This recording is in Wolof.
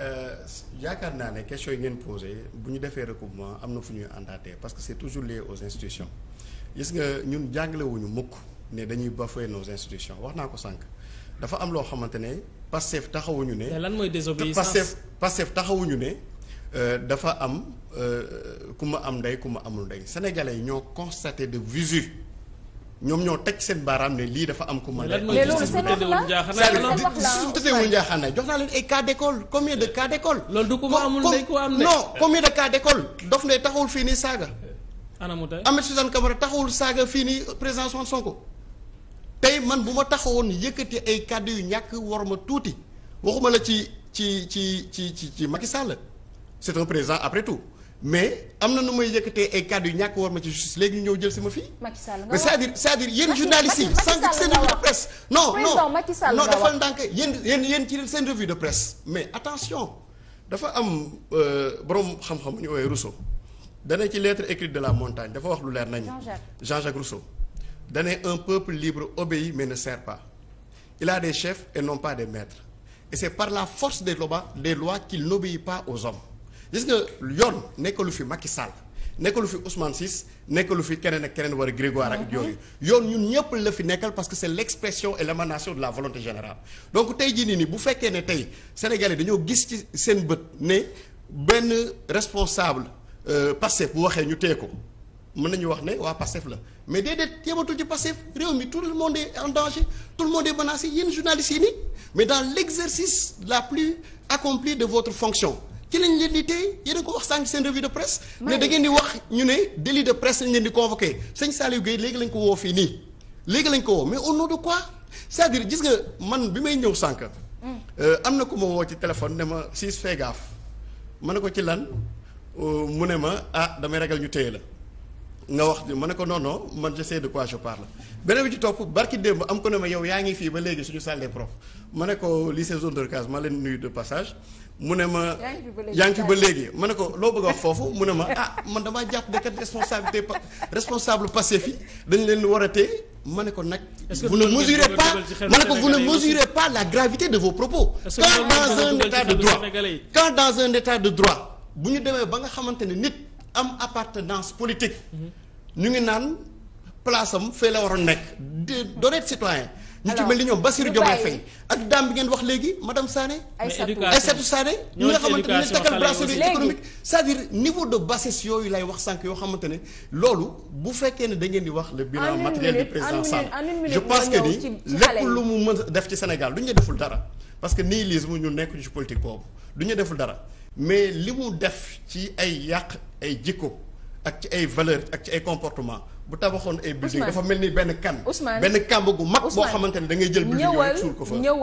Euh, yaakaar naa ne question yi ngeen posé bu ñu defee recoupement am na fu ñuy àndaatee parce que c' est toujours les aux institutions gis nga ñun jàngalewuñu mukk ne dañuy bafouer nos institutions wax naa ko sànq dafa am loo xamante ne Pastef taxawuñu ne. lan mooy désobéissance Pastef Pastef taxawuñu ne euh, dafa am euh, ku ma am ndey ku ma amul ndey sénégalais yi ñoo constaté de visu. ñoom ñoo teg seen baaraam ne lii dafa am ko mën a. mais loolu seen wax la su tëddeewul njaaxaanaay jox naa leen ay cas d' école combien de cas d' école. loolu du ko amul ndey ko am non combien de cas d' école dof ndey taxawul fii nii saaga. anamu tey Ahmed Suzanne Camara taxawul saaga fii nii président Ousmane Sonko. tey man bu ma taxawoon yëkkati ay kàddu yu ñàkk war ma tuuti waxuma la ci ci ci ci ci ci Macky Sall c' est un président après tout. mais am na nu may yëkkatee ay kàddu yu ñàkk war ma ci justice léegi ñu ñëw jël si ma fii. Macky Sall nga wax mais cest dire cest dire yéen journalistes yi. sànq seen revue de presse. non non non dafa ndànk yéen yéen yéen ci seen revue de presse. mais attention dafa am euh, borom xam-xam ñu woowee Rousseau dana ci lettre écrite de la montagne dafa wax lu leer nañu. Jean-Jacques Rousseau dana un peuple libre obéit mais ne sert pas il a des chefs et non pas des maîtres et c'est par la force des lois des lois qu'il n'obéit pas gis nga yoon nekkalu fi Macky Sall nekkalu fi Ousmane Ciss nekkalu fi keneen ak keneen war a Grégoire ak yooyu yoon ñun ñëpp la fi nekkal parce que c'est l'expression et l'émanation de la volonté tey jii nii nii bu fekkee ne tey Sénégalais dañoo gis ci seen bët ne benn responsable euh, Pastef bu waxee ñu téye ko mën nañu wax ne waa Pastef la mais déedéet yematul ci Pastef réew mi tout le monde est en danger tout le monde est menacé yéen journalistes yi nii mais dans l'exercice la plus accomplie de votre fonction ci lañ leen di tey yéen a ko wax sànq seen revue de presse. ne da ngeen di wax ñu ne délit de presse lañ leen di convoqué sëñ Saliou Guèye léegi lañ ko woo fii nii léegi lañ ko woo mais au nom de quoi cest gis nga man bi may ñëw sànq. Euh, am na ku ma woo ci téléphone ne ma siis fee gaaf ma ne ko ci lan euh, mu ne ma ah damay ragal ñu téye la. nga wax ma ne ko non man je sais de quoi je parle beneen bi topp barki démb am ko ne ma yow yaa ngi fii ba léegi suñu salle des profs ma ne ko lycée zone de recasement ma leen nuyu de passage mu ne ma yaa ngi fi ba léegi ma ne ko loo bëgg a wax foofu mu ne ma ah man damaa jàpp ne kat responsabilité responsable passé fi dañ leen war a téye ma ne ko nag vous ne mesurez pas ma ne ko vous ne mesurez pas la gravité de vos propos quand dans un état de droit quand dans un état de ñu demee ba nga xamante ne nit am appartenance politique. ñu ngi naan place am fee la waroon nekk. de d'honnêtes citoyens. ñu ci mel ni ñoom Bassirou Diomaye Faye ak daam bi ngeen wax léegi madame Sané. Aïssatou Sané ñi nga xamante ne takkal bracelet économique cest à de bassesse yooyu lay wax sànq yoo xamante ne loolu bu fekkee ne da ngeen di wax le bilan matériel du président Sall je pense que ni lépp lu mu mën def ci Sénégal du ñu deful dara parce que nihilisme ñu nekk ci politique boobu du ñu deful dara mais li mu def ci ay yàq ay jikko ak ci ay valeur ak ci ay comportement bu tabaxoon ay building dafa mel ni benn kan benn kàmb gu mag boo xamante ne da ngay jël building yooyu suul ko fa